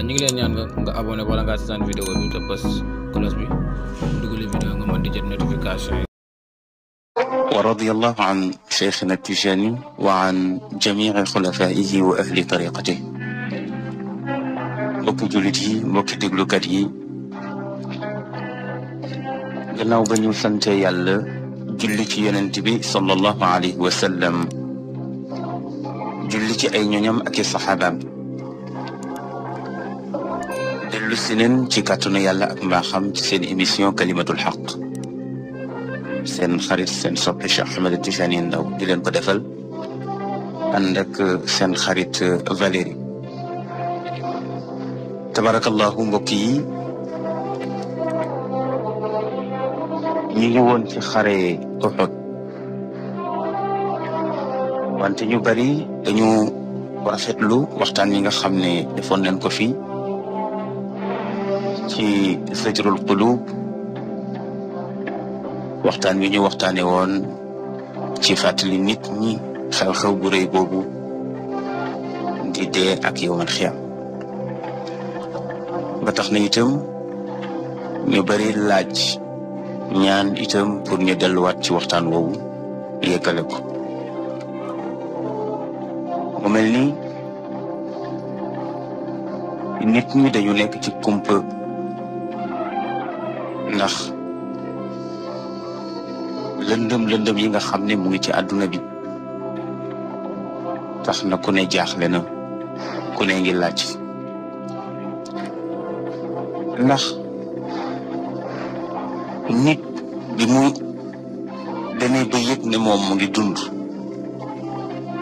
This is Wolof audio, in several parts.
ñu ngi leen ñaan nga nga abonné wala ngaa seetaan vidéo bi te bës cloche bi dugali nga mën di jot notification yi ورضي الله عن شيخنا التجاني وعن جميع خلفائه وأهل طريقته mbokki jullit yi mbokki déglukat yi gannaaw ba ñu sant yàlla julli ci yonent bi sallallahu alayhi wa sallam julli ci ay ñoñam ak i saxaabaam leen ci kàttanu yàlla ak mbaaxam ci seen émission kalimatul xaq seen xarit seen soppe Cheikh Ahmed Tidiane Ndao di leen ko defal ànd ak euh, seen xarit euh, Valérie tabarakallahu mbokk yi ñu ngi woon ci xare Uhud wante ñu bari dañu rafetlu waxtaan yi nga xam ne defoon nañ ko fii ci zajrul qulub waxtaan wi ñu waxtaane woon ci fàttali nit ñi xew-xew bu rëy boobu di dee ak yowmal xiyam ba tax na itam ñu bari laaj ñaan itam pour ñu delluwaat ci waxtaan woowu yëkkale ko mu mel ni nit ñi dañu nekk ci kumpa ndax lëndëm lëndëm yi nga xam ne mu ngi ci àdduna bi tax na ku ne jaaxle na kune ngi laaj ndax nit bi mu demee ba yëg ne moom mu ngi dund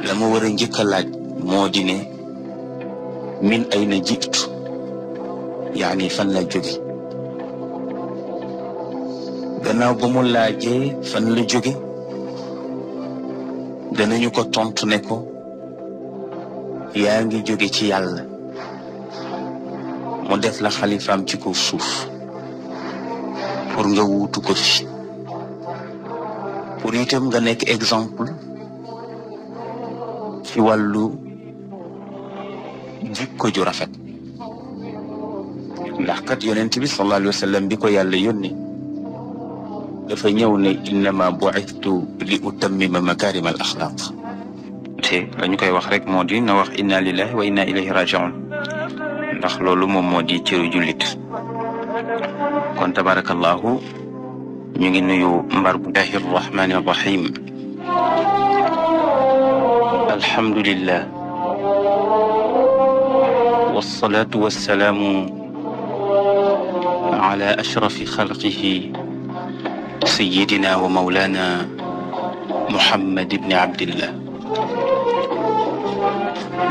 la mu war a njëkk laaj moo di ne min ay na jiitu yaani fan la jóge gannaaw ba mu laajee fan la jóge danañu ko tontu ne ko yaa ngi jóge ci yàlla mu def la xalifaam ci ko suuf pour nga wuutu ko fi pour itam nga nekk exemple ci wàllu jikko ju rafet ndax kat yonent bi sallallahu alayhi wa sallam bi ko yàlla yónni dafa ñëw ne innama bu'ithtu li utammima makarima al axlaq te la ñu koy wax rek moo di na wax inna lillahi wa inna ilayhi raji'un ndax loolu moom moo di cëru jullit kon tabarakallahu ñu ngi nuyu mbar bu dahi rahmani rahim alhamdulillah wassalatu wassalaamu ala ashrafi xalqihi سيدنا ومولانا محمد بن عبد الله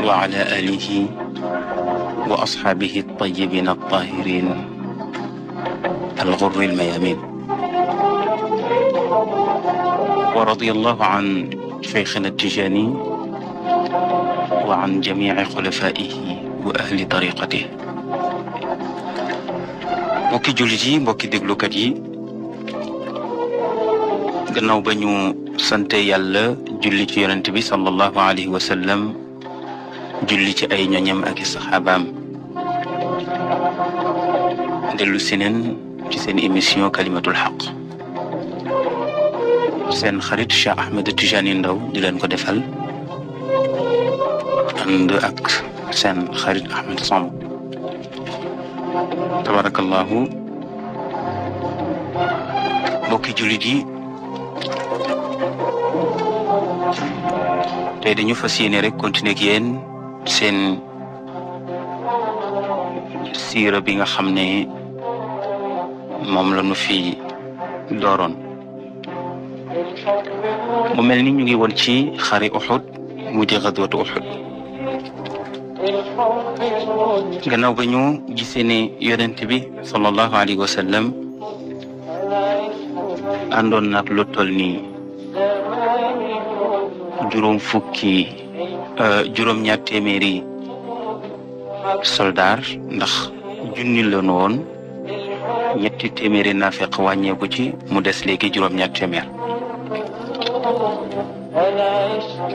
وعلى آله وأصحابه الطيبين الطاهرين الغر الميامين ورضي الله عن شيخنا التجاني وعن جميع خلفائه وأهل طريقته mbokki jullit yi mbokki déglukat yi gannaaw ba ñu sante yàlla julli ci yonent bi sallallahu alayhi wa sallam julli ci ay ñoñam ak i saxaabaam dellu si ci seen émission kalimatul xaq seen xarit Cheikh Ahmed Tijani Ndaw di leen ko defal ànd ak seen xarit Ahmed Samb tabarakallahu mbokki jullit yi tey dañu fas yéene rek continue ak yéen seen siira bi nga xam ne moom la ñu fi dooroon mu mel ni ñu ngi woon ci xari Uhud mu di xadwatu Uhud gannaaw ba ñu gisee ne yonent bi sallallahu alayhi wa sallam àndoon nag lu nii ak juróom fukki euh, juróom ñaar soldaar ndax junni leen woon ñetti téeméeri naafeq wàññeeku ci mu des léegi juróom ñaar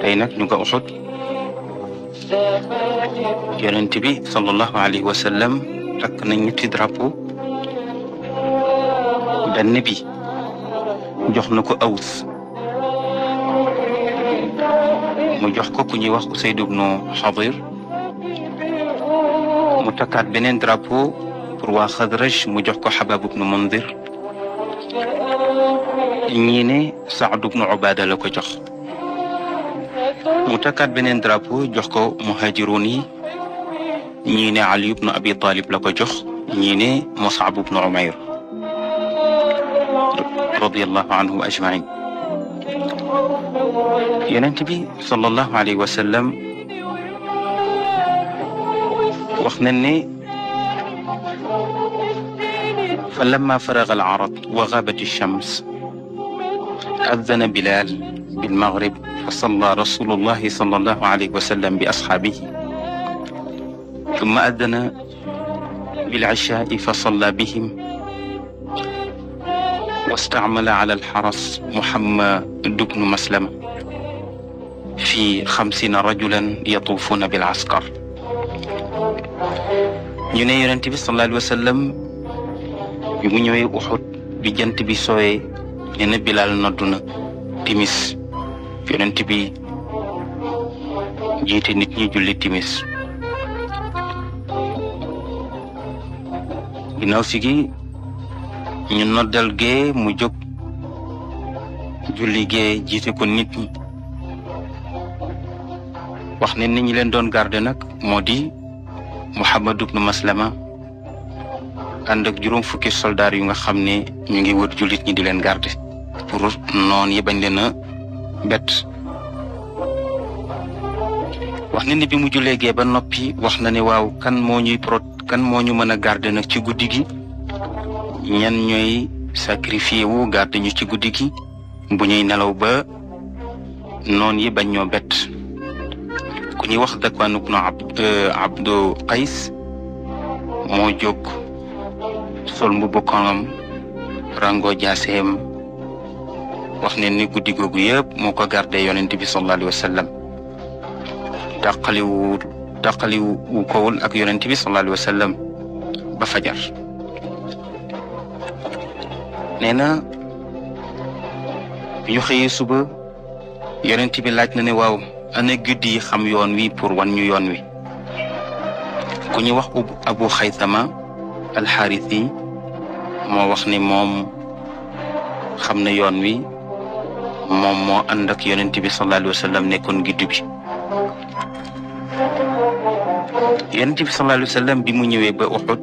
tey nag ñu nga Uhud yonent bi sallallahu alayhi wa sallam takk na ñetti drapeau benn bi jox na ko awus mu jox ko ku ñuy wax Usayd ibnu Xadir mu takkaat beneen drapeau pour waa Xadraj mu jox ko Xabaab ibnu Mundir ñii ne Saad ibnu la ko jox mu takkaat beneen drapeau jox ko muhaajiruun yi ñii ne Ali ibnu Abi Talib la ko jox ñii ne Musab ibnu yonent bi sallallahu alayhi wa sallam wax na ne fa lamma faraga al arad wa gabat ash-shams adana bilal bilmaghrib fa salla rasulullahi sallallahu alayhi wa sallam bi ashaabihi thumma adana bil'ishaa'i fa salla bihim واستعمل على الحرس محمى بن مسلمة في خمسين رجلا يطوفون بالعسكر ñu ne yonent bi sallallahu alayhi wa sallam bi mu ñëwee uxut bi jant bi sooyee nee na bilaal noddu na timis yonent bi jiite nit ñi julli timis ginnaaw si gi ñu noddal gee mu jóg julli gee jiite ko nit ñi wax ne ni ñi leen doon garde nag moo di Muhammad ibnu maslema ànd ak juróom fukki soldaar yu nga xam ne ñu ngi wër jullit ñi di leen garde pour noon yi bañ leen a bett wax na ni bi mu jullee gee ba noppi wax na ne waaw kan moo ñuy pro kan moo ñu mën a garde nag ci guddi gi ñan ñoy sacrifié wu garde ñu ci guddi gi bu ñuy nelaw ba noon yi bañ ñoo bett ku ñuy wax Dakwaan ibnu euh, Abdu Qays moo jóg sol mbubbu koŋam rango jaaseem wax ne ni guddi googu yëpp moo ko gardé yonent bi sallallahu alayhi wa sallam taqaliwu taqaliwu kowul ak yonent bi sallallahu ba fajar nee na bi ñu xëyee suba yonent bi laaj na ne waaw ana guddi yi xam yoon wi pour wan ñu yoon wi ku ñu wax abu xaysama alxaris yi moo wax ne moom xam na yoon wi moom moo ànd ak yonent bi sallallahu alayhi wa sallam nekkoon guddi bi yonent bi bi mu ñëwee ba Uhud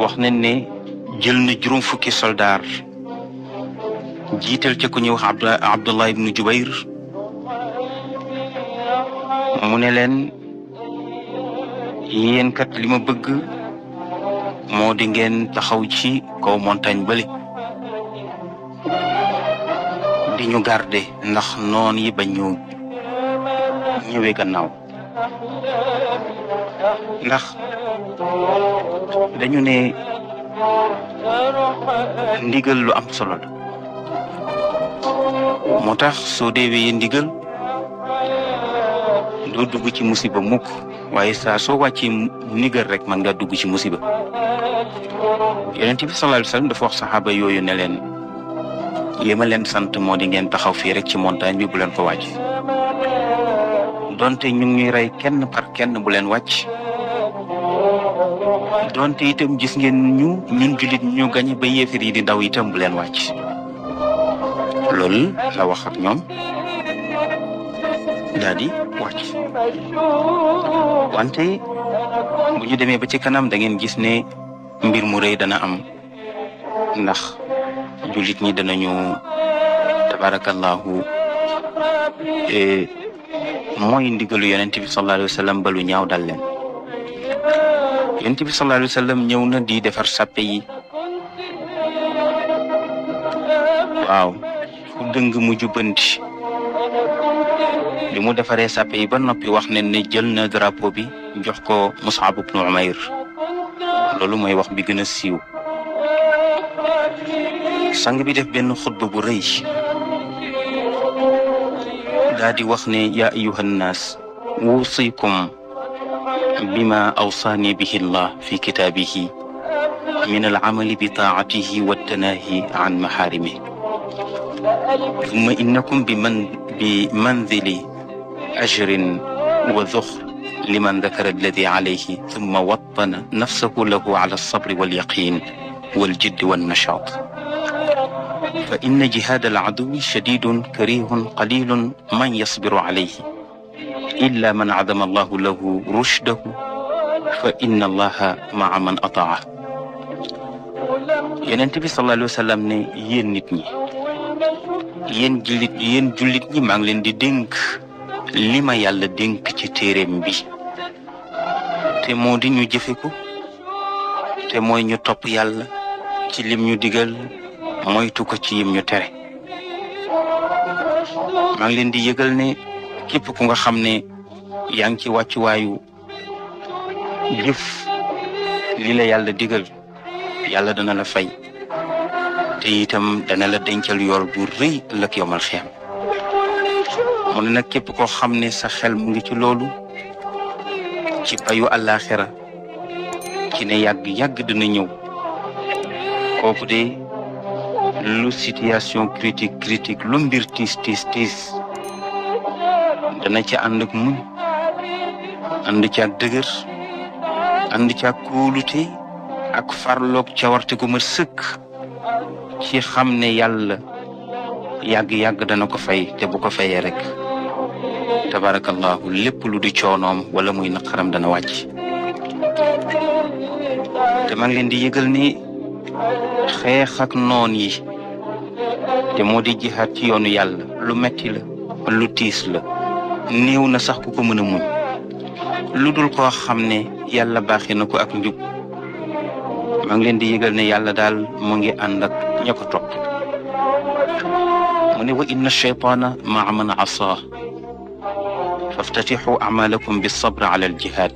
wax nañ ne jël na juróom fukki soldaar jiital ca ku ñuy wax Abdullah Jubayr mu ne leen yéen kat li ma bëgg moo di ngeen taxaw ci kaw montagne bële di ñu garde ndax noon yi ba ñu gannaaw ndax dañu ne ndigal lu am solo la moo tax soo deewee ndigal doo dugg ci musiba mukk waaye saa soo wàccee ndigal rek mën nga dugg ci musiba yonent bi sallallahu alayhi wasallam wax saxaaba yooyu ne leen li ma leen sant moo di ngeen taxaw fii rek ci montagne bi bu leen ko wàcc donte ñu ngi par kenn bu leen wàcc donte itam gis ngeen ñu ñun jullit ñu gañe ba yéefar yi di daw itam bu leen wàcc loolu la wax ñoom daal di wàcc wante bu ñu demee ba ci kanam da ngeen gis ne mbir mu rëy dana am ndax jullit ñi danañu tabarakallahu eh, mooy ndigalu yonent bi sallallahu alayhi wa sallam ba lu ñaaw dal leen yonent bi sallallahu alayhi wa sallam na di defar sàppe yi waaw ku dëng mu jubbanti bi mu defaree sàppe yi ba noppi wax ne ne jël na drapo bi jox ko Mus'ab ibn Umayr loolu mooy wax bi gën a siiw sang bi def benn xutba bu rëy daa di wax ne yaa ayyuhan naas wusikum بما أوصاني به الله في كتابه من العمل بطاعته والتناهي عن محارمه ثم إنكم بمن بمنزل أجر وذخر لمن ذكر الذي عليه ثم وطن نفسه له على الصبر واليقين والجد والنشاط فإن جهاد العدو شديد كريه قليل من يصبر عليه illa man adama allahu lahu rushdahu fa inna allaha maa man ataa yonent bi sallallahu ne yéen nit ñi yéen jullit yéen jullit ñi maa leen di dénk li ma yàlla dénk ci téerem bi te moo di ñu jëfe te mooy ñu topp yàlla ci lim ñu digal moytu ko ci yim ñu tere maa leen di yëgal ne képp ku nga xam ne yaa ngi ci wàccuwaayu jëf li la yàlla digal yàlla dana la fay te itam dana la dencal yool bu rëy ëllëg yomal xeem mu ne nag képp koo xam ne sa xel mu ngi ci loolu ci payu àllaaxira ki ne yàgg-yàgg dana ñëw kooku de lu situation critique critique lu mbir tiis tiis tiis dana ci ànd ak muñ ànd ci ak dëgër ànd ci ak kóolute ak farlook cawarte gu ma sëkk ci xam ne yàlla yàgg-yàgg dana ko fay te bu ko fayee rek tabarakallahu lépp lu di coonoom wala muy naqaram dana wàcc te maa ngi leen di yëgal ni xeex ak noon yi te moo di jihaat ci yoonu yàlla lu metti la lu tiis la néew na sax ku ko mën a muñ lu dul koo xam ne yàlla baaxee na ko ak njub maa ngi leen di yëgal ne yàlla daal mu ngi ànd ak ña ko topp mu ne wa inna cheytaana maa man asaa faftatixu amalakum bilsabre ala aljihad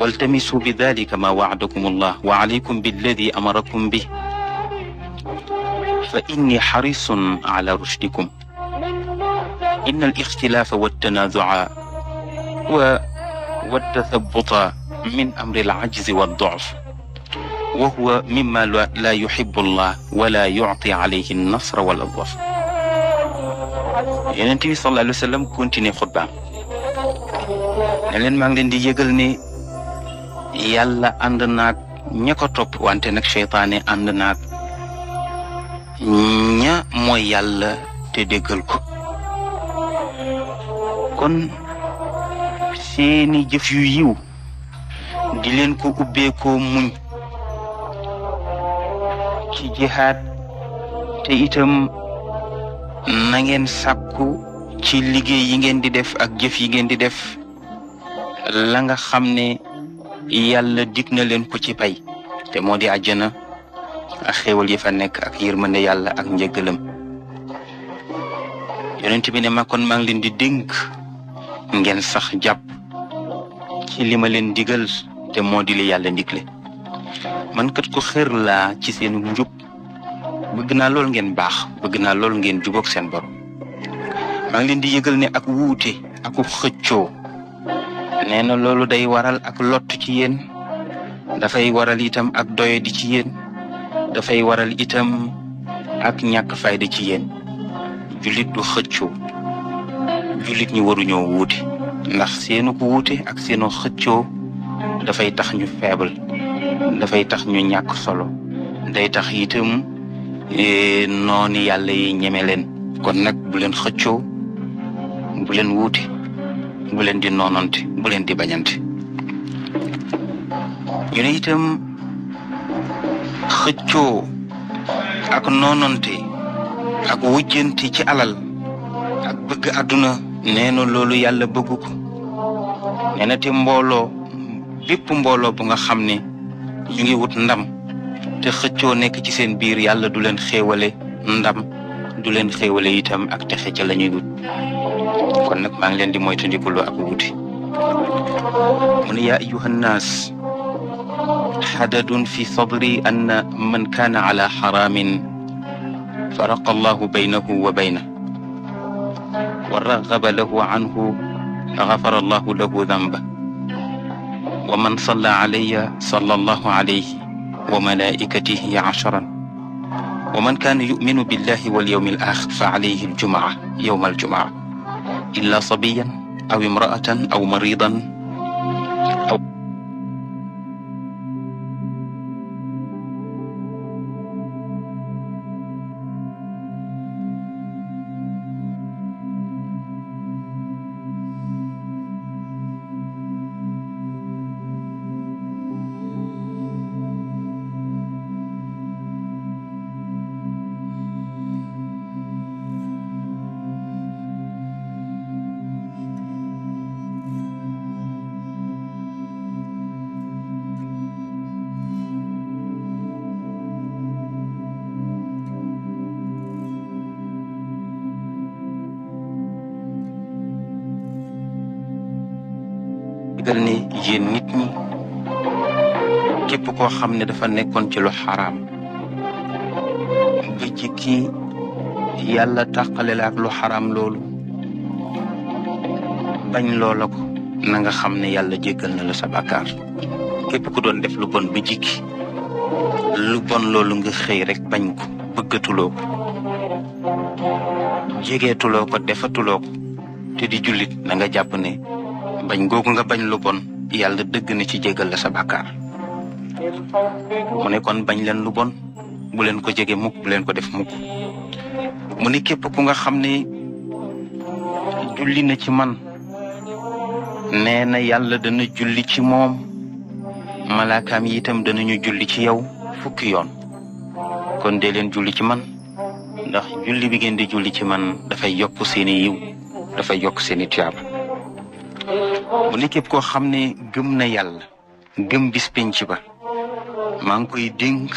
waltamisu bi dalika ma waadakum allah wa alaykum billadi amarakum bi fa inni xarisun ala rushdikum إن الاختلاف والتنازع والتثبط من أمر العجز والضعف وهو مما لا يحب الله ولا يعطي عليه النصر ولا الظفر Yonent bi sallallahu alayhi wa sallam continué xutbaam ne leen maa ngi leen di yëgal ne yàlla ànd naag ña ko topp wante nag seytaane ànd naag ña mooy yàlla te déggal ko kon seeni jëf yu yiw di leen ko ubbeekoo muñ ci jihaad te itam na ngeen sàkku ci liggéey yi ngeen di def ak jëf yi ngeen di def langa xam ne yàlla dig na leen ku ci pay te moo di àjjana ak xéewal yi fa nekk ak yërmande yàlla ak njëggalam yonent bi ne ma leen di dénk ngeen sax jàpp ci li ma leen digal te moo di li yàlla ndigle man kat ko xër laa ci seen njub bëgg na lool ngeen baax bëgg na lool ngeen jubóog seen borom maa ngi leen di yëgal ne ak wuute aku xëccoo nee na loolu day waral ak lott ci yéen dafay waral itam ak doyadi ci yéen dafay waral itam ak ñàkk fayda ci yéen jullit du xëccoo jullit ñu waruñoo wuute ndax seenu ko wuute ak seenu xëccoo dafay tax ñu faible dafay tax ñu ñàkk solo day tax itam e, noonu yàlla yi ñeme leen kon nag bu leen xëccoo bu leen wuute bu leen di noonante bu di bañanti ñu ne itam xëccoo ak noonante ak wujjante ci alal ak bëgg àdduna nee na loolu yàlla bëgg ko te mbooloo bépp mbooloo bu nga xam ne ñu ngi wut ndam te xëccoo nekk ci seen biir yàlla du leen xéewale ndam du leen xéewale itam ak texe ca la ñuy wut kon nag maa ngi leen di moytandiku loo ak wuti mu ne yaa ayuha nnaas xadadun fi sabri anna man kaana ala xaraamin faraqa allahu baynahu wa bayna wa raxaba lahu anhu xafara allahu lahu damba wa man salla alayya salla allahu alayhi wa malaikatihi asharan wa man kaana yuminu billahi wal yawmi al axir fa alayhi aljumaa yawma aljumaa illa sabiyan aw imraatan aw maridan koo xam ne dafa nekkoon ci lu xaraam ba ci kii yàlla tàqale la ak lu xaraam loolu bañ loola ko na xam ne yàlla jégal na la sa bàkkaar képp ku doon def lu bon ba jikki lu bon loolu nga xëy rek bañ ko bëggatuloo ko jegeetuloo ko defatuloo ko te di jullit na jàpp ne bañ googu nga bañ lu bon yàlla dëgg na ci jégal la sa bàkkaar mu kon bañ leen lu bon bu leen ko jege mukk bu leen ko def mukk mu ne képp ku nga xam ne julli na ci man nee na yàlla dana julli ci moom malaakaam yi itam danañu julli ci yow fukki yoon kon dee leen julli ci man ndax julli bi ngeen di julli ci man dafay yokk seeni yiw dafay yokk seeni tuyaaba mu képp koo xam ne gëm na yàlla gëm bis penc ba maa ngi koy dénk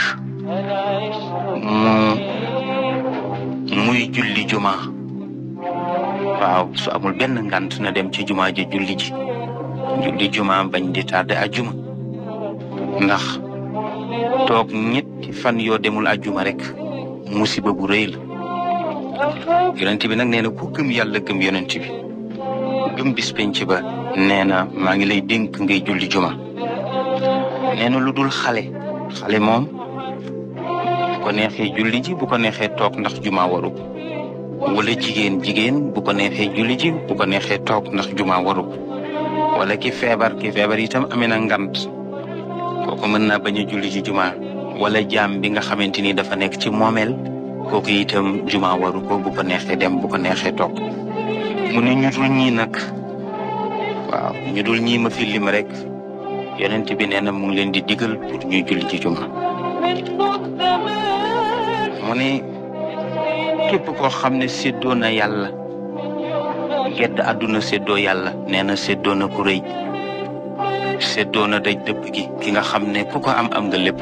muy julli juma waaw su amul benn ngant na dem ci juma ji julli ji julli juma bañ di tardé ajuma ndax toog ñetti fan yoo demul ajuma rek musiba bu rëy la yonent bi nag nee ku gëm yàlla këm yonent bi gëm bis penc ba nee na maa ngi lay dénk ngay julli juma nee na lu dul xale xale moom bu ko neexee julli ji bu ko neexee toog ndax juma waru wala jigéen jigéen bu ko neexee julli ji bu ko neexee toog ndax juma waru wala ki feebar ki feebar itam amee na ngant kooku mën naa bañ a juma wala jaam bi nga xamante ni dafa nekk ci moomeel kooku itam juma waru ko bu neexee dem bu ko neexee toog mu ne ñu dul ñii nag waaw ñu rek. yonent bi nee na mu ngi leen di digal pour ñuy julli ci juma mu ne koo xam ne séddoo na yàlla gedd àdduna séddoo yàlla nee na séddoo na ku rëy séddoo na daj dëpp gi ki nga xam ne ku ko am am nga lépp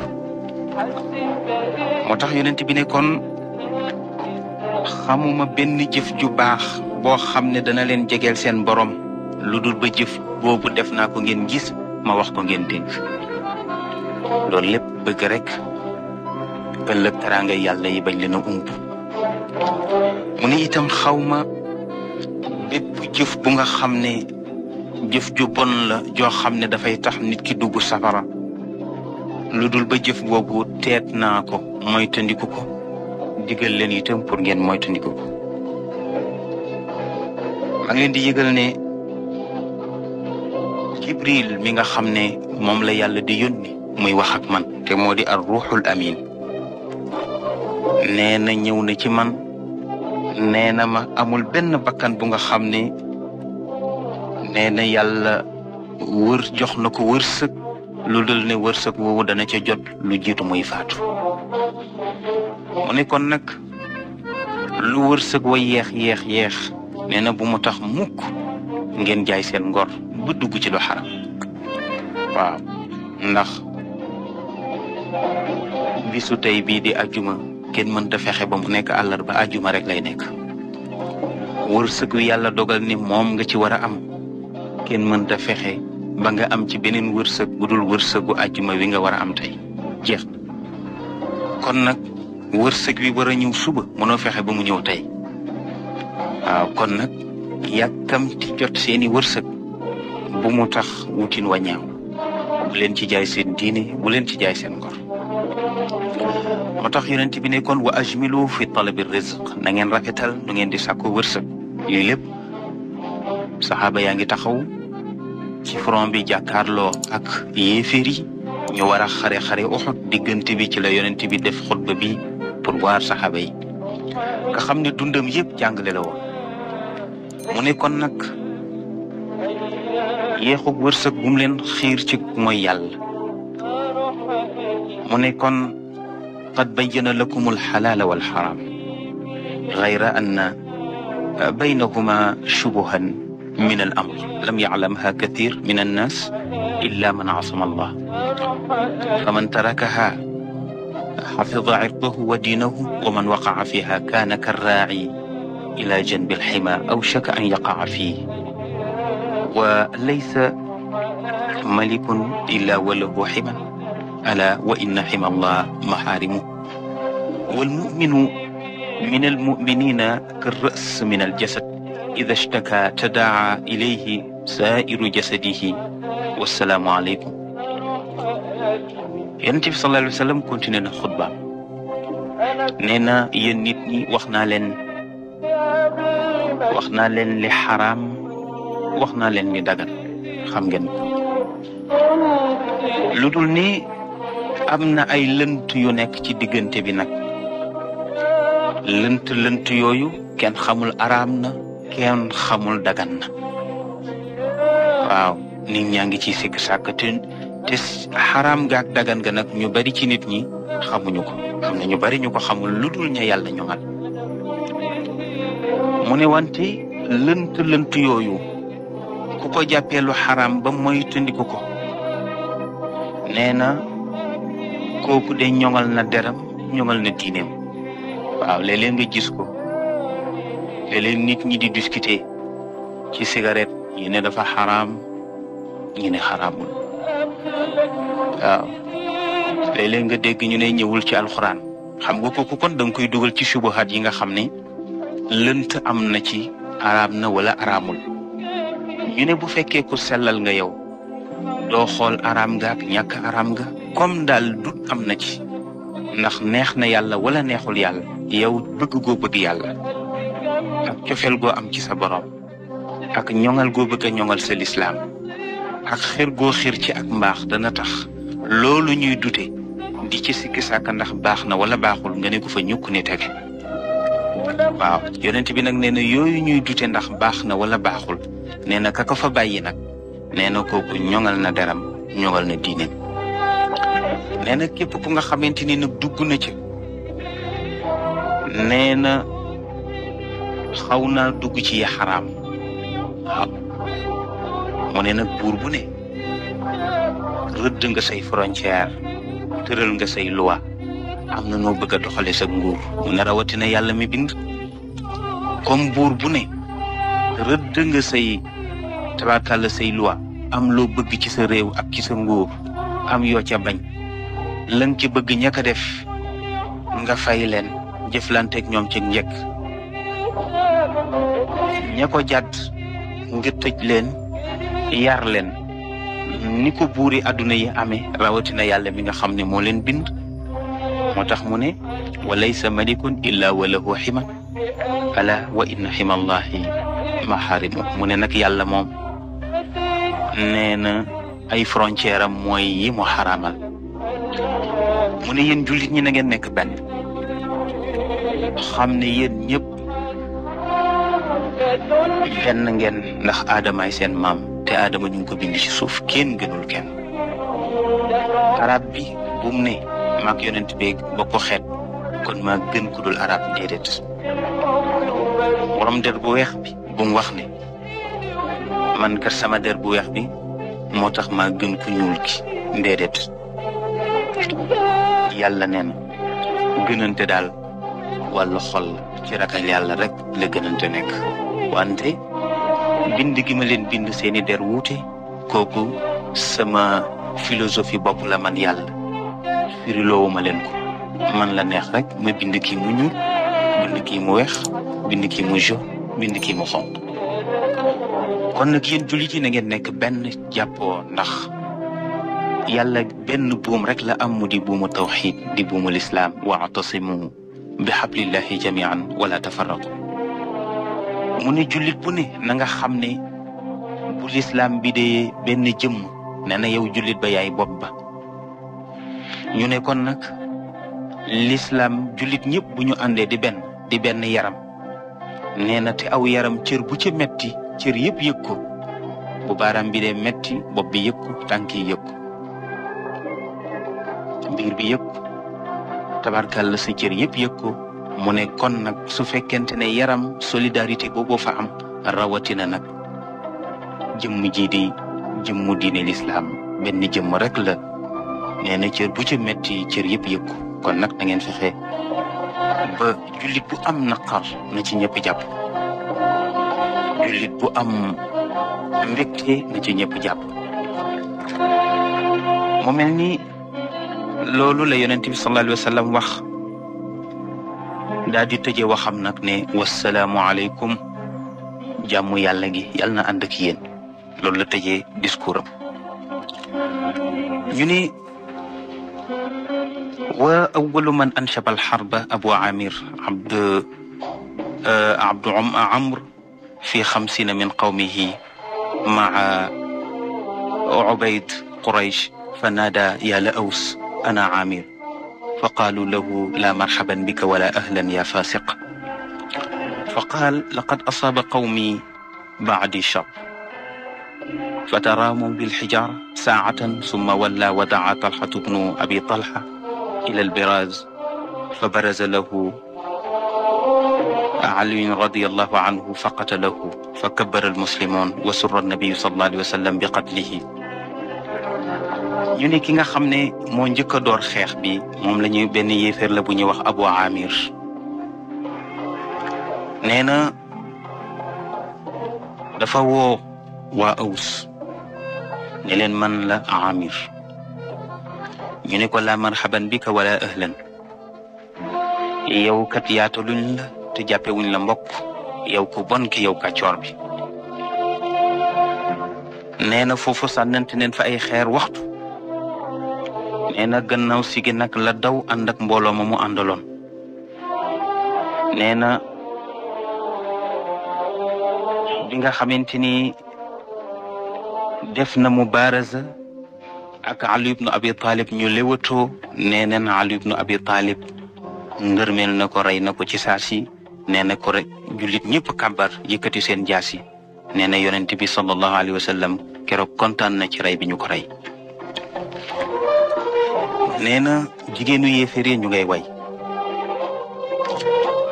moo tax yonent bi ne kon xamuma benn jëf ju baax boo xam ne dana leen jegel seen borom lu dul ba jëf boobu def naa ko ngeen gis ma wax ko ngeen dégg loolu lépp bëgg rek ëllëg teraanga yàlla yi bañ leen a umb mu ne itam xawma bépp jëf bu nga xam ne jëf ju bon la joo xam ne dafay tax nit ki dugg safara lu dul ba jëf boobu tet naa ko moytandiku ko digal leen itam pour ngeen moytandiku ko maa ngi yëgal ne jibril mi nga xam ne moom la yàlla di yónni muy wax ak man te moo di ar ruuxul amin nee na ñëw na ci man nee na ma amul benn bakkan bu nga xam ne nee yàlla wër jox na ko wërsëg lu dul ne wër wërsëg woowu dana ca jot lu jiitu muy faatu mu ne kon nag lu wër wa yeex yeex yeex nee na bu mu tax mukk ngeen jaay seen ngor ba dugg ci lu xaram ndax bisu tey bii di ajjuma kenn mënta fexe ba mu nekk ba ajuma rek lay nekk wërsëg wi yàlla dogal ni moom nga ci war a am kenn mënta fexe ba nga am ci beneen wërsëg bu dul wërsëgu ajjuma wi nga war a am tey jeex kon nag wërsëg wi war a ñëw suba mënoo fexe ba mu ñëw tey waaw kon nag yàkkamti jot seeni wërsëg bu mu tax wutin wa ñaaw bu leen ci jaay seen diine bu leen ci jaay seen ngor moo tax yonent bi ne kon wa ajmilu fi talabi rizq na ngeen rafetal nu ngeen di sàkku wërsëg yooyu lépp saxaaba yaa ngi taxaw ci front bi jàkkaarloo ak yéeféer yi ñu war a xare xare Uhud diggante bi ci la yonent bi def xutba bi pour waar saxaaba yi nga xam ne dundam yëpp jàngale la woon kon nag yéexug wërsëg bu mu leen xiir ci mooy yàlla mu ne kon qad bayyana lakum alxalaala walxaraam gayra anna baynahuma shubuhan min al amr lam yaclamha kathir min annaas illa man asama allah faman tarakaha xafida cirdahu wa diinahu wa man waqaca fiha kaana karaaci ila janbi alxima awshaka an yaqaca fii وليس ملك إلا وله حمى ألا وإن حمى الله محارمه والمؤمن من المؤمنين كالرأس من الجسد إذا اشتكى تداعى إليه سائر جسده والسلام عليكم yonent bi sallallahu alayhi wa sallam continué na xutba nee na yéen nit ñi wax naa leen wax naa leen li xaraam wax naa leen ni dagan xam ngeen lu dul ni am na ay lënt yu nekk ci diggante bi nag lënt lënt yooyu kenn xamul araam na kenn xamul dagan na waaw nit ñaa ngi ciy sikk sàkk te te xaraam gaak dagan ga nag ñu bari ci nit ñi xamuñu ko am na ñu bari ñu ko xamul lu dul ña yàlla ñoŋal mu ne wante lënt lënt yooyu ku ko jàppee lu xaraam ba moytandiku ko nee na kooku de ñoŋal na deram ñoŋal na diineem waaw léeg-léeg nga gis ko nit ñi di discuter ci cigarette ñi ne dafa xaraam ñi ne xaraamul waaw léeg-léeg nga dégg ne ñëwul ci alxuraan xam nga kooku kon da nga koy dugal ci subahaat yi nga xam ne lënt am na ci araam na wala araamul ñu ne bu fekkee ku sellal nga yow doo xool araam ga ak ñàkk araam nga comme daal dut am na ci ndax neex na yàlla wala neexul yàlla yow bëgg goo bëgg yàlla ak cofeel goo am ci sa borom ak ñoŋal goo bëgg a ñoŋal sa lislaam ak xir goo xir ci ak mbaax dana tax loolu ñuy dute di ci sikki sàkk ndax baax na wala baaxul nga ne ko fa ñukk ne tege waaw yonent bi nag nee na yooyu ñuy dute ndax baax na wala baaxul nee na ka ko fa bàyyi nag nee na kooku ñoŋal na deram ñoŋal na diine nee na képp ku nga xamante ni nag dugg na ci nee na xaw naa dugg ci xaraam waaw mu ne nag buur bu ne rëdd nga say frontière tëral nga say loi am na noo bëgg a doxale sa nguur mu ne rawatina yàlla mi bind comme buur bu ne rëdd nga say tabaarkàlla say luwa am loo bëgg ci sa réew ak ci sa nguur am yoo ca bañ lan ci bëgg ña def nga fay leen jëflanteeg ñoom ci njëkk ña ko jàdd ngir tëj leen yar leen ni ko buuri àdduna yi amee rawatina yàlla mi nga xam ne moo leen bind moo tax mu ne walaysa malikun illa walahu xima ala wa inna xima allahi maharimu mu ne nag yàlla moom nee na ay frontière am mooy yi mu xaraamal mu ne ñi na nekk benn xam ne yéen ñëpp benn ngeen ndax aadamaay seen maam te adama ñu ko bind ci suuf kenn gënul kenn arab bi bu mu ne maak yonent beeg xeet kon maa gën ku dul arab déedéet borom der bu weex bi bu mu wax man kat sama der bu weex bi moo tax maa gën ku ñuul ki ndéedéet yàlla neen na gënante daal wàllu xol ci ragal yàlla rek la gënante nekk wante bind gi ma leen bind seeni der wuute kooku sama philosophie bopp la man yàlla firiloowu ma leen man la neex rek ma bind kii mu ñuul bind kii mu weex bind ki mu jo bind kii mu xonq kon nag yéen jullit yi na ngeen nekk benn jàppo ndax yàlla benn buum rek la am mu di buumu tawxid di buumu lislaam waatasimu bi xablillahi jamian wala tafarraqu mu ne jullit bu ne na nga xam ne bu lislaam bi dee benn jëmm nee na yow jullit ba yaay bopp ba ñu ne kon nag lislaam jullit ñépp bu ñu àndee di benn di benn yaram nee na te aw yaram cër bu ci metti cër yëpp yëg ko bu baaraam bi dee metti bopp bi yëg ko tànk yi yëg ko biir bi yëg ko tabarkàlla sa cër yëpp yëg ko mu ne kon nag su fekkente ne yaram solidarité boobu fa am rawatina nag jëmm ji di jëmmu diine lislaam benn jëmm rek la nee na cër bu ci metti cër yëpp yëg kon nag da ngeen fexe ba jullit bu am naqar na ci ñëpp jàpp. jullit bu am mbégte na ci ñëpp jàpp mu mel ni loolu la yonent bi sallallahu alayhi wa sallam wax daal di tëje waxam nag ne wasalaamu jàmm yàlla gi yàlla na ànd ak yéen loolu la tëjee discours am ñu wa awalu man anshaba alxarba abu amir abd euh, amr fi xamsina min qawmihi maa ubayd quraysh fa naada yaa la aws ana aamir fa qaalu lahu laa marxaban bika wala ahlan yaa faasiq fa qaal laqad asaaba qawmi baadi shar فتراهم بالحجارة ساعة ثم ولى ودعا طلحة بن أبي طلحة إلى البراز فبرز له a رضي الله عنه فقتله فكبر المسلمون وسر النبي صلى الله عليه وسلم بقتله ñu ne ki nga xam ne moo njëkk a door xeex bi moom la ñuy benn yéeféer la bu ñuy wax Abu Amir nee na dafa woo waa Aws ne leen man la Amir ñu ne ko la marhaban bika wala ahlan yow kat yaataluñ la te jàppe wuñ la mbokk yow ku bon ki yow kàccoor bi nee na foofu sànnante neen fa ay xeer waxtu nee na gannaaw si gi nag la daw ànd mbooloo ma mu àndaloon nee na bi nga xamante ni def na mubaaraza ak Ali ibnu Abi Talib ñu lewatoo nee neen Ali ibnu Abi Talib ko rey na ko ci saa si nee na ko rek jullit ñëpp kàbbar yëkkati seen jaas yi nee na yonent bi sallallahu alayhi wa keroog kontaan na ci rey bi ñu ko rey. nee na jigéenu yéeféer ñu ngay way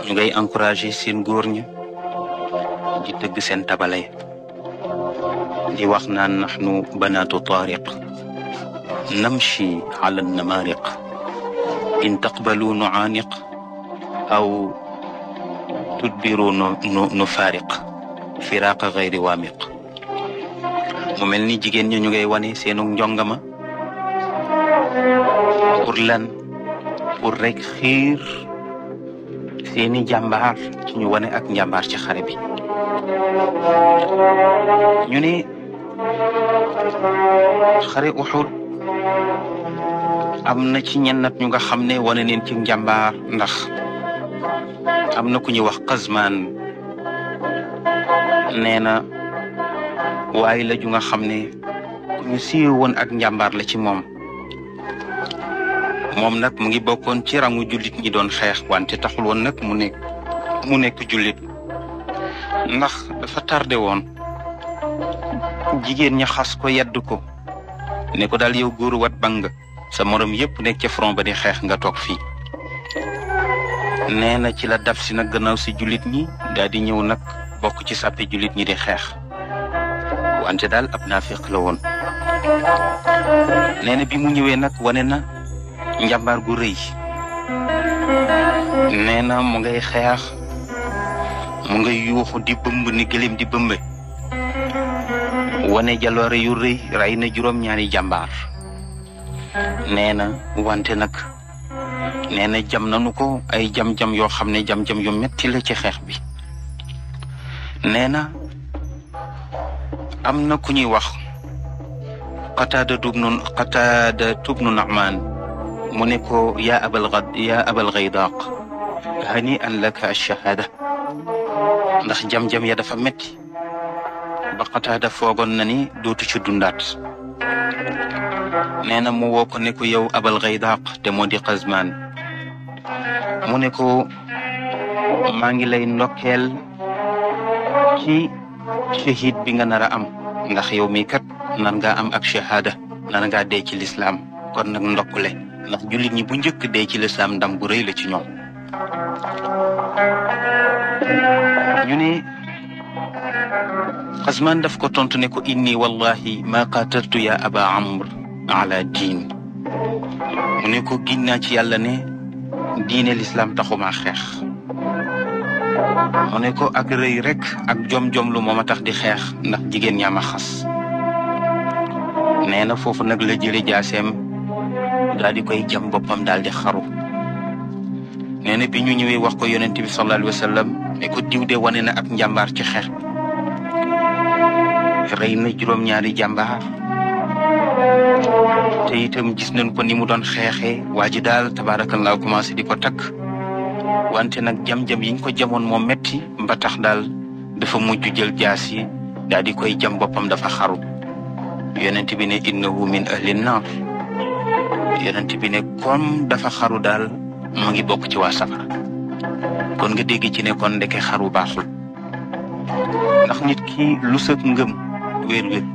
ñu ngay encouragé seen góor ñi di tëgg seen tabale di wax naan naxnu banaatu taariq namshi ala namaariq in taqbalu nuaaniq aw tudbiru nu nu nu faariq firaaqa xayri waamiq mu mel ni jigéen ñi ñu ngay wane seenu njongama pour lan pour rek xiir seeni jàmbaar ci ñu wane ak njàmbaar ci xare bi ñu ne xare Uhud am na ci ñennat ñu nga xam ne wane neen ci njàmbaar ndax am na ku ñuy wax kasmaan nee na waaye la ju nga xam ne ku ñu siiw woon ak njàmbaar la ci moom moom nag mu ngi bokkoon ci rangu jullit ñi doon xeex wante taxul woon nag mu nekk mu nekk jullit ndax dafa tardé woon jigéen ña xas ko yedd ko ne ko daal yow góoru wat bang sa morom yépp nekk ca front ba di xeex nga toog fii nee na ci la dab si nag gannaaw si jullit ñi daal di ñëw nag bokk ci sàppi jullit ñi di xeex wante daal ab naa naafiq la woon nee na bi mu ñëwee nag wane na njàmbaar gu rëy nee na mu ngay xeex mu ngay yuuxu di bëmb ni gëléem di bëmbe wane jaloore yu rëy rey na juróom-ñaari jàmbaar nee wante nag nee na jam nanu ko ay jam-jam yoo xam ne jam-jam yu metti la ci xeex bi nee na am na ku ñuy wax qataada tubnu qataada tubnu naamaan mu ne ko yaa abal yaa hani an laka ash-shahaada ndax jam-jam ya dafa metti ba qataada foogoon na ni dootu ci dundaat nee na mu woo ko ne ko yow abal gaydaaq te moo di mu ne ko maa ngi lay ndokkeel ci shahid bi nga nar a am ndax yow mii kat nan ngaa am ak shahada nar ngaa dee ci lislaam kon nag le ndax jullit ñi bu njëkk dee ci lislaam ndam bu rëy la ci ñoom ñu ne Xasmaan daf ko tontu ne ko inni wallahi ma qataltu ya aba amr ala diin mu ko giñ ci yàlla ne diine lislaam taxumaa xeex mu ko ak rëy rek ak jom-jom lu a tax di xeex ndax jigéen ñaama xas nee na foofu nag la jële jaaseem daal di koy jam boppam daal di xaru nee na bi ñu ñëwee wax ko yonent bi sallallahu alayhi wa sallam ne na ak njàmbaar ci xeex rëy na juróom-ñaari jàmbaar te itam gis nañ ko ni mu doon xeexee waa ji daal tabaarakallaa commencé di ko takk wante nag jam-jam yiñ ko jamoon moo metti mbatax tax daal dafa mujj jël jaas yi daal di koy jam boppam dafa xaru yonent bi ne innahu min ahlin naar yonent bi ne dafa xaru daal mu ngi bokk ci waa safara kon nga dégg ci ne kon ndeke xaru baaxul ndax nit ki lu sëg ngëm wér-wér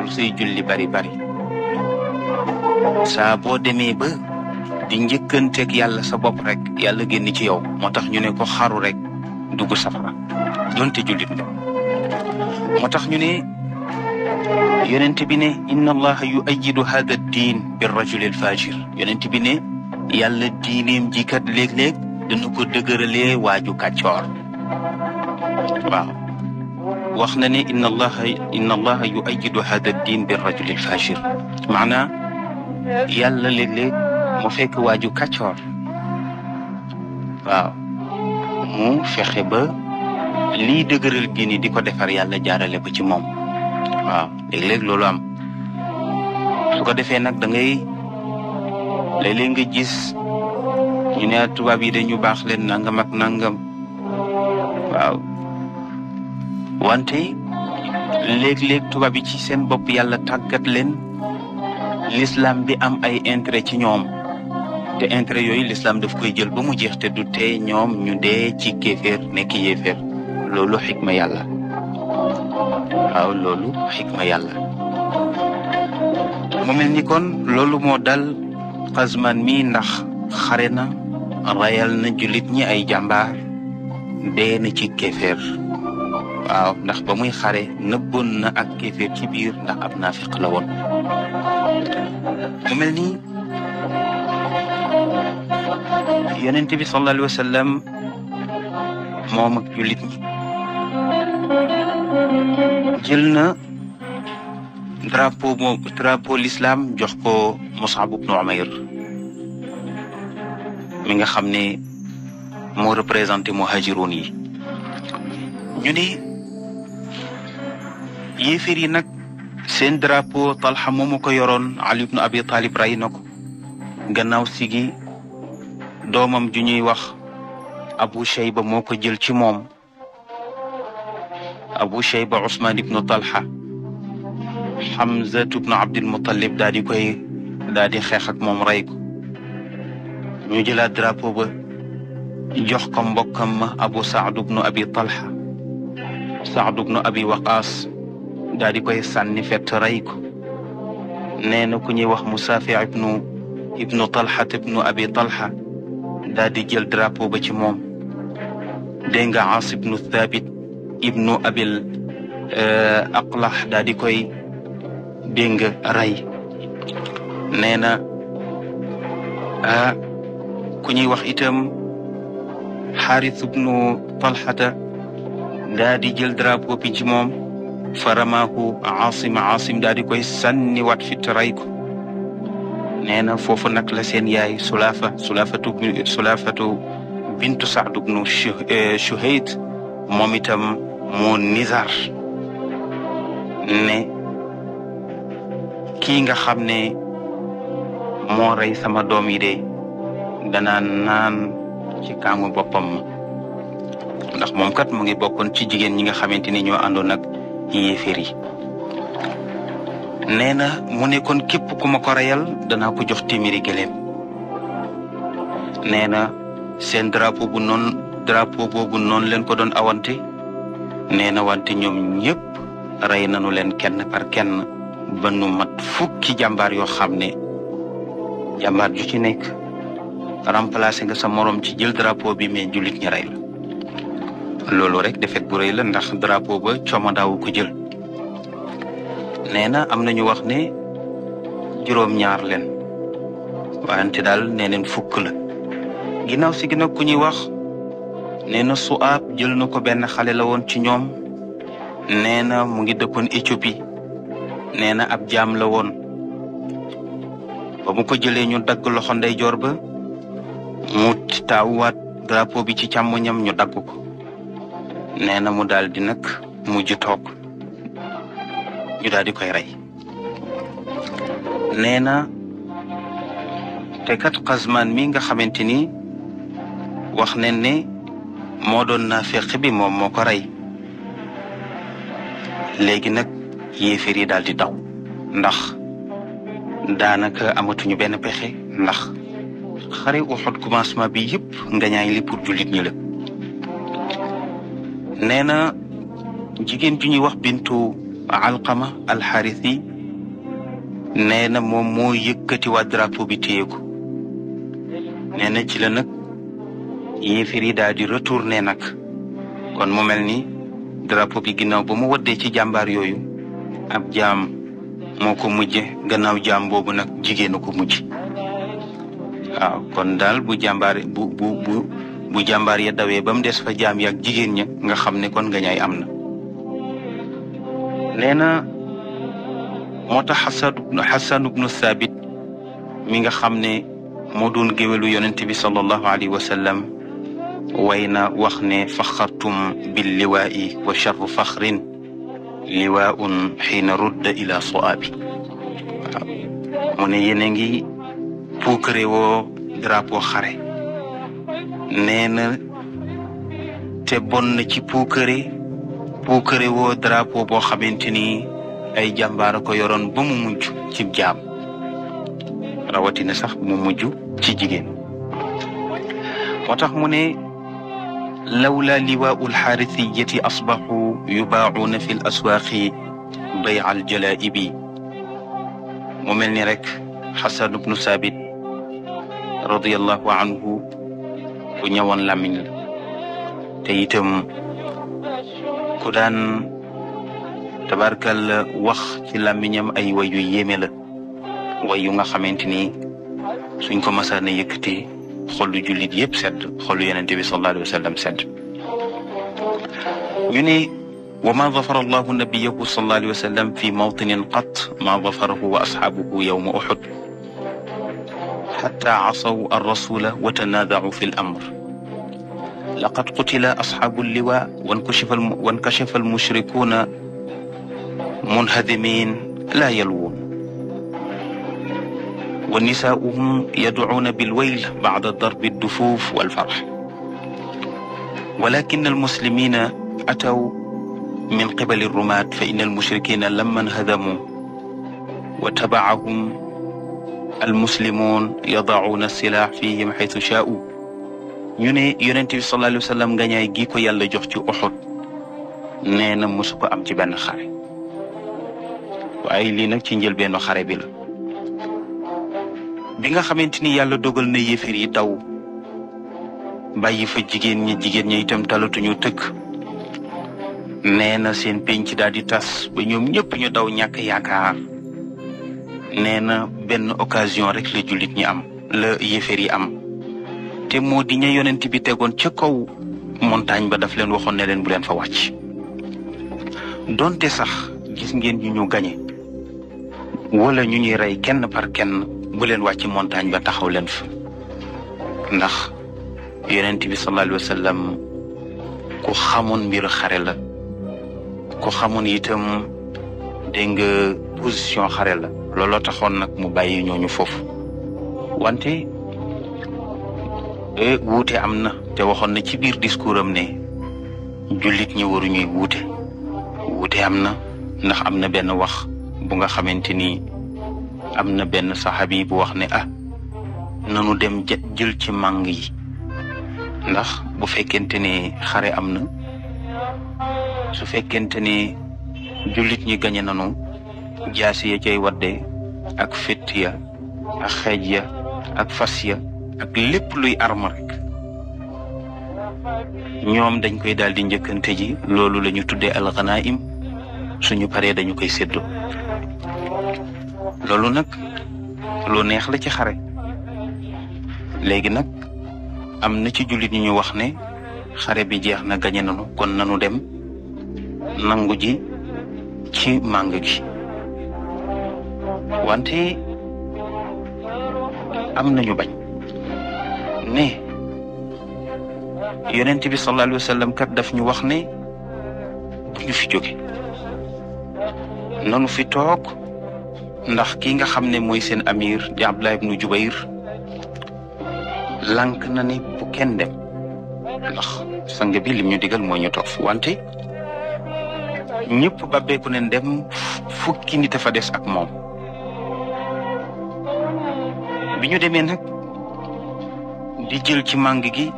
baaxul say julli bari bari saa boo demee ba di njëkkanteeg yàlla sa bopp rek yàlla génn ci yow moo tax ñu ne ko xaru rek dugg safara donte jullit moo tax ñu ne yonent bi ne inna allaha yuayidu hada diin bi rajuli al fajir yonent bi ne yàlla diineem ji kat léeg-léeg dana ko dëgëralee waaju kàccoor waaw wax na ne inna allaha inna allaha yuayidu hada diin bi rajulil fajir maanaa yàlla léeg-léeg mu fekk waaju kàccoor waaw mu fexe ba lii dëgëral diine di ko defar yàlla jaarale ko ci moom waaw léeg-léeg loolu am su ko defee nag da ngay nga gis ñu ne tubaab yi de ñu baax leen nangam ak nangam waaw wante léeg-léeg tubaab yi ci seen bopp yàlla tàggat leen lislaam bi am ay intérêt ci ñoom te intérêt yooyu l'islam daf koy jël ba mu jeex te du te ñoom ñu dee ci kéeféer nekk yéeféer loolu xikma yàlla waaw loolu xikma yàlla mu mel ni kon loolu moo dal xasman mi ndax xare na rayal na jullit ñi ay jàmbaar dee na ci kéeféer waaw ndax ba muy xare nëbboon na ak kéeféer ci biir ndax ab naafiq la woon ni yonent bi sallallahu alayhi wa sallam moom ak jullit ñi jël na drapeau moom drapeau l'islam jox ko Mus'ab ibn mi nga xam ne moo représenté muhajirun yi ñu yéeféer yi nag seen drapo talxa moomu ko yoroon ali ibnu abi taalib ray na ko gannaaw sigi doomam ju ñuy wax abu shayba moko ko jël ci moom abu shayba usmaan ibnu talxa xamzatu ibnu abdil mutalib daal di koy daal di xeex ak moom ñu jëlaat drapeau ba jox ko mbokkam ma abu saad ibnu abi talxa saad ibnu abi waqaas daal koy sànni fett rey na ku ñuy wax Musaafi ibnu ibnu Talha ibnu Abi Talha daal di jël drapeau ba ci moom dégg nga As ibnu Thabit ibnu Abil euh, Aqlah daal di koy dégg nga rey nee na ku ñuy wax itam Xaaris ibnu Talhata daal di jël drapeau bi moom. fa ramaahu Aasim Aasim daal di koy sànniwaat fi ray ko nee na foofu nag la seen yaay Sulaafa Sulaafatu Sulaafatu bintu Saad ibnu Shuhayd eh, moom itam moo nizar ne kii nga xam ne moo rey sama doom yi de danaa naan ci kàngu boppam ndax moom kat mu ngi bokkoon ci jigéen ñi nga xamante ni ñoo àndoon nag yéeféer yi nee na mu ne képp ku ma ko reyal danaa ko jox téeméeri gëléem nee na seen drapeau bu noonu drapeau boobu noonu leen ko doon awante nee na wante ñoom ñëpp rey nañu leen kenn par kenn ba nu mat fukki jàmbaar yoo xam ne jàmbaar ju ci nekk remplacé nga sa morom ci jël drapeau bi mais jullit ñi rey loolu rek defet bu rëy la ndax drapeau ba cooma daawu ko jël nee na am nañu wax ne juróom-ñaar leen waayante daal nee neen fukk la ginnaaw si gi nag ku ñuy wax nee na Suaab jël na ko benn xale la woon ci ñoom nee na mu ngi dëppoon Éthiopie nee na ab jaam la woon ba mu ko jëlee ñu dagg loxo ndeyjoor ba mu taawuwaat drapeau bi ci càmmoñam ñu dagg ko nee na mu daal di nag mujj toog ñu daal koy rey nee na te kat Qazman mi nga xamante ni wax ne ne moo doon naafeq bi moom moo ko rey léegi nag yéeféer yi daal di daw ndax daanaka amatuñu benn pexe ndax xare Uhud commencement bi yëpp ngañaay li pour jullit ñi nee na jigéen ju ñuy wax bintu alqama alxaris yi nee na moom moo yëkkati waa drapeau bi téye ko nee na ci la nag yéefar yi daal di retourné nag kon mu mel ni drapeau bi ginnaaw ba mu waddee ci jàmbaar yooyu ab jam moo ko mujje gannaaw jaam boobu nag jigéenu ko mujj waaw kon daal bu jàmbaar bu bu bu jàmbaar ya dawee ba mu des fa jaam yaak jigéen ña nga xam ne kon nga am na nee na moo tax xasan thabit mi nga xam ne moo doon géwélu yonent bi sallallahu alayhi wa sallam way na wax ne faxartum bil liwaa'i wa charru faxrin liwaa'un xiina rudda ila so'aabi waaw ne yéen ngi puukare woo drapeau xare nee na te bon na ci puukare puukare woo drapeau boo xamante ni ay jàmbaar ko yoroon ba mu mujj ci jaam rawatina sax mu mujj ci jigéen moo tax mu ne lawla liwaau alxaarisiyati asbaxu yubaacuuna fi l aswaaqi bay al mu mel ni rek xasan ubnu saabit radiallahu anhu ku ñëwoon làmmiñ te itam ku daan te tabarkal wax ci làmmiñam ay way yu yéeme la way yu nga xamante ni suñ ko masaan a yëkkati xolu jullit yëpp sedd xolu yonente bi sallallahu alayhi sedd ñu ne wa ma dafara allahu nabiyahu sallallahu alayhi wa sallam fi mawtinin qat ma dafarahu wa asxaabuhu yowma uxud xataa casaw arrasula wa tanaadacu fi l amr laqad qutila asxaabu liwa wankashafa wankashafa almushrikuuna munhadimiin laa yalwuun wa nisaauhum yadcuuna bilwayl bacda darbi ddufuuf walfarx walakin almuslimiina ataw min qibali rumaat fa in almushrikina lamma nhadamu wa tabacahum almuslimuun yadauuna silaax fihim xaytu shaa'u ñu ne yonent bi sallallahu alayhi wa ko yàlla jox ci Uhud nee na mosu ko am ci benn xare waaye lii nag ci njëlbeenu xare bi bi nga xamante ni yàlla dogal na yéefar yi daw bàyyi fa jigéen ñi jigéen ñi itam talatuñu tëkk nee na seen penc daal di tas ba ñoom ñëpp ñu daw ñàkk yaakaar nee na benn occasion rek la jullit ñi am la yéeféer yi am te moo di ña yonent bi tegoon ca kaw montagne ba daf leen waxoon ne leen bu leen fa wàcc sax gis ngeen ñu ñu gañe wala ñu ñuy rey kenn parken kenn bu leen wàcc montagne ba taxaw leen ndax yonent bi sallallahu alayhi wa sallam ku xamoon mbiru xare la ku xamoon itam dégg nga position xare la looloo taxoon nag mu bàyyi ñooñu foofu wante eh, wuute am na te waxoon na ci biir discours am ne julit ñi waruñuy wuute wuute am na ndax am na benn wax bu nga xamante ni am na benn saxaabi bu wax ne ah nanu dem jël ci màng yi ndax bu fekkente ne xare am na su fekkente ne jullit ñi gañe nanu jaasi ya cay wadde ak fétt ya ak xeej ya ak fas ya ak lépp luy arma rek ñoom dañ koy daal di njëkkante ji loolu la ñu tuddee alxanaim suñu paree dañu koy séddoo loolu nag lu neex la ci xare léegi nag am na ci jullit ñu wax ne xare bi jeex na gañe nanu kon nanu dem nangu ji ci màng gi wante am nañu bañ ne yonent bi sallallahu alayhi kat daf ñu wax ne bu ñu fi jóge nanu fi toog ndax kii nga xam ne mooy seen amir di Abdullah ibnu Jubayr lànk na ne bu kenn dem ndax sang bi lim ñu digal moo ñu toog fi wante ñëpp babbeeku neen dem fukki nit a fa des ak moom biñu demee nag di jël ci màng gi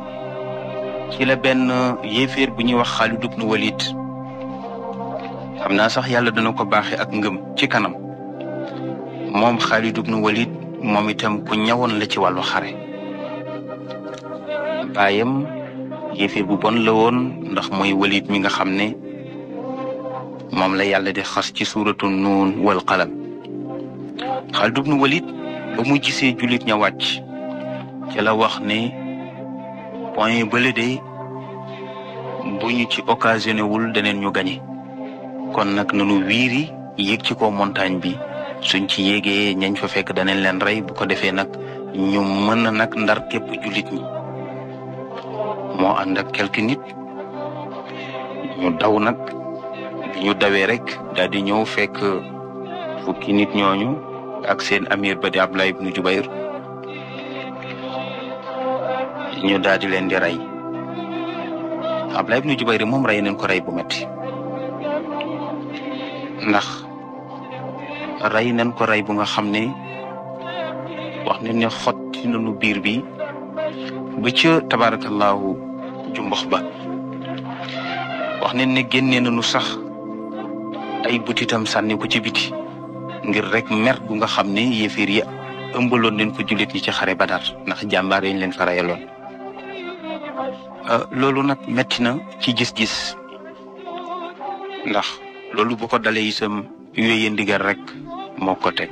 ci la benn yéeféer bu ñuy wax dug nu walit xam naa sax yàlla dana ko baaxe ak ngëm ci kanam moom Xaalid ibn walit moom itam ku ñawoon la ci wàllu xare baayam yéeféer bu bon la woon ndax mooy Walid mi nga xam ne moom la yàlla de xas ci suuratu nuun wal qalam Xaalid ibn Walid ba mu gisee jullit ña wàcc ci la wax ne point bële de bu ñu ci occasionné wul daneen ñu gañe kon nag nanu wiiri yéeg ci ko montagne bi suñ ci yéegee ñañ fa fekk daneen leen rey bu ko defee nag ñu mën a nag ndar képp jullit ñi moo ànd ak quelque nit ñu daw nag ñu dawee rek daal di ñëw fekk fukki nit ñooñu ak seen amir ba di Abdallah ibnu Jubayr ñu daal leen di rey Abdallah ibnu Jubayr moom rey nañ ko rey bu metti ndax rey nañ ko rey bu nga xam ne wax nañ ne xotti nañu biir bi ba ca tabaarakallaahu jumbox ba wax nañ ne génnee nañu sax ay butitam sànni ko ci biti ngir rek mer gu nga xam ne yéeféer ya ëmbaloon leen ko jullit ñi ci xare Badar ndax jàmbaar yañ leen farayaloon euh, loolu nag metti na ci gis-gis ndax loolu bu ko dalee itam wéyee ndigal rek moo ko teg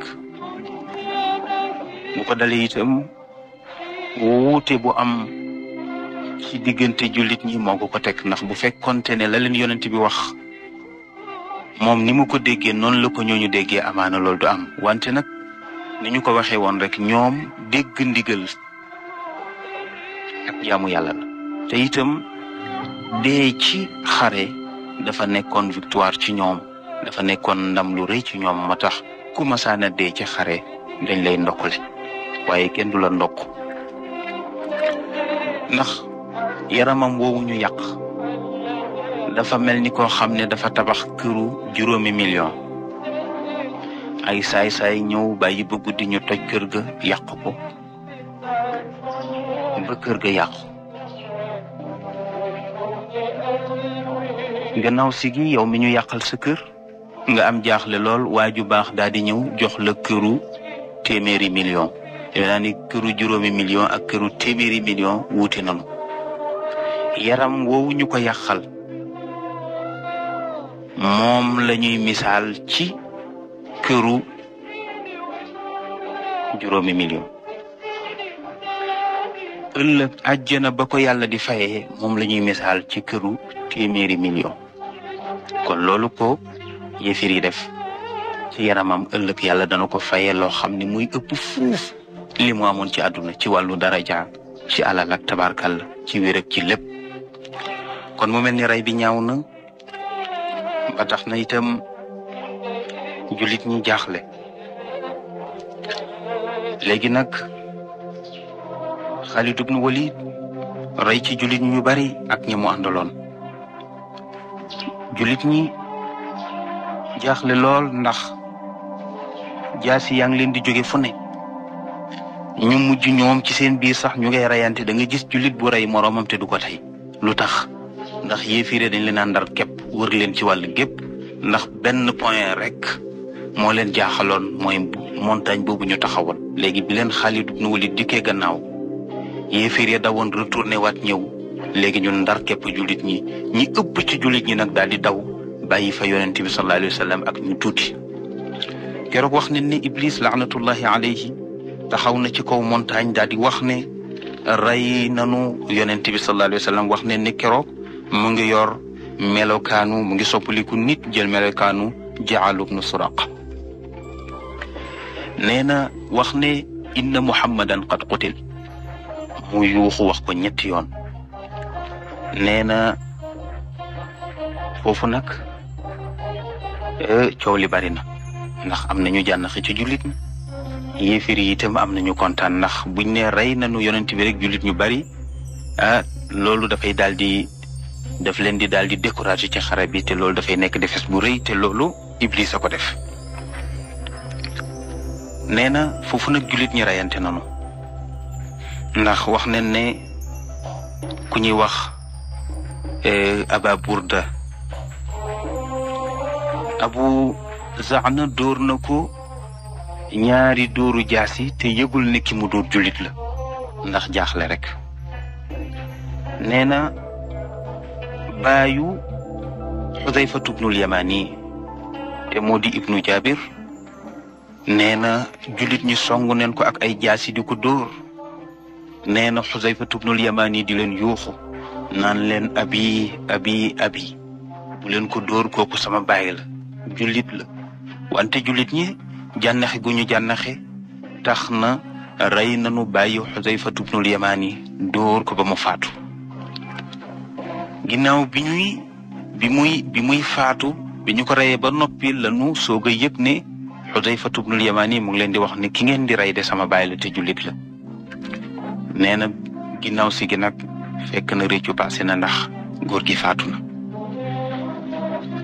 bu ko dalee itam bu am ci diggante jullit ñi moo ko ko teg ndax bu fekkonte ne la leen yonent bi wax moom ni mu ko déggee noonu la ko ñooñu déggee amaana loolu du am wante nag ni ñu ko waxee woon rek ñoom dégg ndigal ak jaamu yàlla la te itam dee ci xare dafa nekkoon victoire ci ñoom dafa nekkoon ndam lu rëy ci ñoom ma tax ku masaana dee ci xare dañ lay ndokkule waaye kenn du la ndokk ndax yaramam woowu ñu yàq dafa mel ni koo xam ne dafa tabax këru juróomi million ay saay-saay ñëw bàyyi ba guddi ñu toj kër ga yàqu ko ba kër ga yàqu gannaaw si gi yow mi ñu yàqal sa kër nga am jaaxle lool waa ju baax daal di ñëw jox la këru téeméeri million yow këru juróomi million ak këru téeméeri million wuute nanu yaram woowu ñu ko yàqal moom lañuy ñuy misaal ci këru juróomi million ëllëg àjjana ba ko yàlla di fayee moom la ñuy misaal ci këru téeméeri million kon loolu ko yëfir yi def ci yaramam ëlëg yàlla dana ko fayee loo xam ni muy ëpp fuuf li amoon ci àdduna ci wàllu daraja ci alal tabarkal ci wér ak ci lépp kon mu mel ni rey bi ñaaw na a tax na itam jullit ñi jaxle léegi nag Xaalid ibn Walid rey ci julit ñu bari ak ñi mu àndaloon ñi jaaxle lool ndax jaasi yaa ngi leen di jóge fu ne ñu mujj ñoom ci seen biir sax ñu ngay reyante da nga gis jullit bu rey moroomam te du ko tey lu tax ndax yéefire dañ leen a ndar képp wër leen ci wàll gépp ndax benn point rek moo leen jaaxaloon mooy montagne boobu ñu taxawoon. léegi bi leen Xaalid ibn di dikkee gannaaw yéeféer ya dawoon retourné waat ñëw léegi ñu ndar képp jullit ñi ñi ëpp ci jullit ñi nag daal di daw bàyyi fa yonent bi sallallahu alayhi wa ak ñu tuuti. keroog wax nañ ne Iblis laanatullahi alayhi taxaw na ci kaw montagne daal di wax ne rey nanu yonent bi sallallahu alayhi wa wax nañ ne keroog mu ngi yor. melokaanu mu ngi soppaliku nit jël melokaanu jaalu bnu suraq nee na wax ne inna muhammadan qad qutil mu yuuxu wax ñetti yoon nee na foofu nag eh, coow li bari na ndax am nañu jànnaxi ci jullit ñi yéefir yi itam am nañu kontaan ndax buñ ne rey nañu yonent bi rek julit ñu bari ah, loolu dafay daal daf leen di daal di découragé ci xare bi te loolu dafay nekk defes bu rëy loolu Iblis a ko def. nee na foofu nag jullit ñi rayante ndax wax nañ ne ku ñuy wax eh, Aba Burda Abu Zaana dóor na ko ñaari dóoru jaasi te yëgul ne ki mu dóor la ndax jaaxle rek nee baayu xudayfatu bnul yamani te moo di ibnu jaabir nee na jullit ñi song neen ko ak ay jaasi di ko dóor nee na xudayfatu bnul yamani di leen yuuxu naan leen abi abi abi bu leen ko dóor kooku sama baay la jullit la wante jullit ñi jànnaxi gu ñu jànnaxi tax na rey nanu bàyyi xudayfatu bnul yamani dóor ko ba mu faatu ginnaaw bi ñuy bi muy bi muy faatu bi ñu ko reyee ba noppi la soog a yëg ne Xudayfatu bnul Yamaani mu ngi leen di wax ne ki ngeen di rey de sama baay la te jullit la nee na ginnaaw si gi nag fekk na réccu passé na ndax góor gi faatu na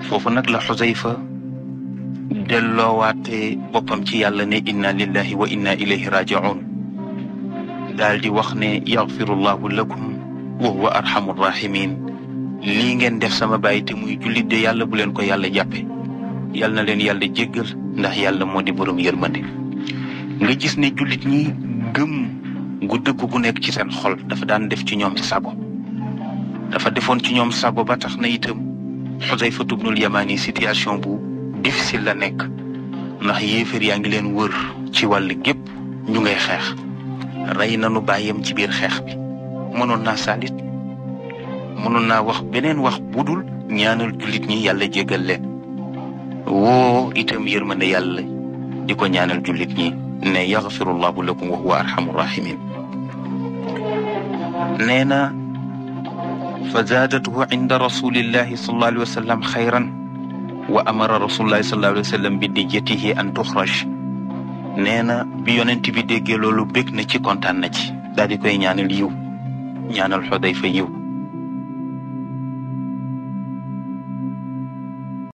foofu nag la Xudayfa delloowaate boppam ci yàlla ne inna lillahi wa inna ilayhi rajiun daal di wax ne yaxfirullahu lakum wa huwa arhamu rahimin lii ngeen def sama bàyyi te muy jullit de yàlla bu leen ko yàlla jàppe yàlla na leen yàlla jéggal ndax yàlla moo di borom yërmande nga gis ne jullit ñi gëm gu dëgg gu nekk ci seen xol dafa daan def ci ñoom sago dafa defoon ci ñoom sago ba tax na itam Xusayfa ibnul Yamani situation bu difficile la nekk ndax yéeféer yaa ngi leen wër ci wàll gépp ñu ngay xeex rey nanu bàyyam ci biir xeex bi mënoon naa saalit mënoon naa wax beneen wax budul ñaanal jullit ñi yàlla jégal leen woo itam yërmande yàlla di ko ñaanal jullit ñi ne yaxfirullahu lakum wa huwa arhamu rahimin nee na fa zaadatuhu inda rasulillahi sallallahu alayhi wa sallam xayran wa amara rasulullahi sallallahu alayhi wa bi dijjatihi an tuxraj nee na bi yonent bi déggee loolu bég na ci kontaan na ci daal di koy ñaanal yiw ñaanal xodayfa yiw